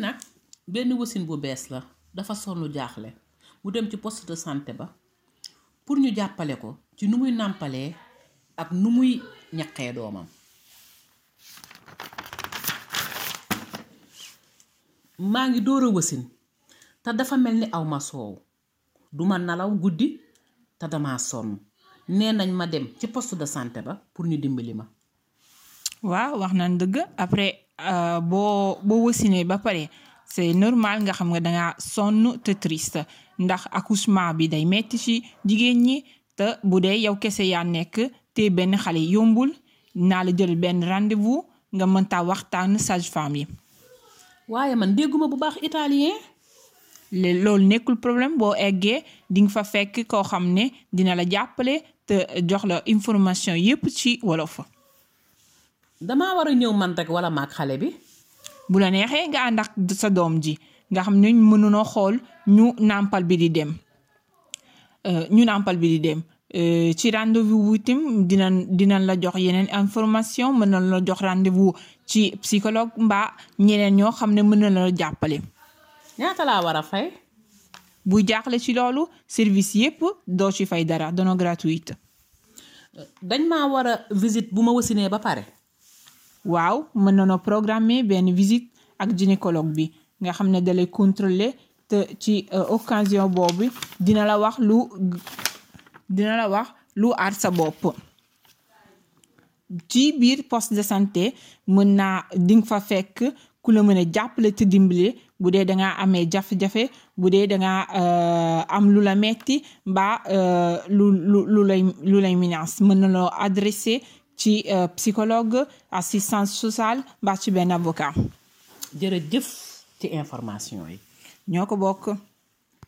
nag benn wasin bu bees la dafa sonn jaaxle mu dem ci post de santé ba pour ñu jàppale ko ci nu muy nàmpalee ak nu muy ñaqee doomam maa ngi door a wasin te dafa mel ni aw ma soow duma nelaw guddi te dama sonn nee nañ ma dem ci post de santé ba pour ñu dimbali ma waaw wax nañ dëgg après euh, boo boo wasinee ba pare c'est normal nga xam nga danga sonn te triste ndax accouchement bi day metti ci jigéen ñi te bu dee yow kese yaa nekk te benn xale yombul naa la jël benn rendez-vous nga mën taa waxtaan sage-femme yi. waaye man dégguma bu baax italien. loolu nekkul problème boo eggee di nga fa fekk koo xam ne dina la jàppale te jox la information yépp ci wolof. damaa war a ñëw man rek wala maag xale bi. bu la neexee nga ànd ak sa doom ji nga xam ne mënunoo xool ñu nàmpal bi di dem euh, ñu nàmpal bi di dem euh, ci rendez-vous bu dina dinañ la jox yeneen information mën nañ la jox rendez-vous ci psychologue mbaa ñeneen ñoo xam ne mën nañ la jàppale. ñaata laa war a fay. bu jaaxle ci loolu service yépp doo ci fay dara dono gratuite. Euh, dañ maa war a visite bu ma wasinee ba pare. waaw mën na noo programmer benn visite ak gynécologue bi nga xam ne dalay contrôler te ci euh, occasion boobu dina la wax lu dina la wax lu aar sa bopp ci biir poste de santé mën naa dinga fa fekk ku la mën a jàppale te dimbali bu dee dangaa amee jafe-jafe bu dee dangaa euh, am lu la metti mbaa euh, lu lu lu lay lu lay menace mën na loo adressé ci eh, psychologue assistance sociale mbaa ci benn avocat. jëf ci information yi. ñoo bokk.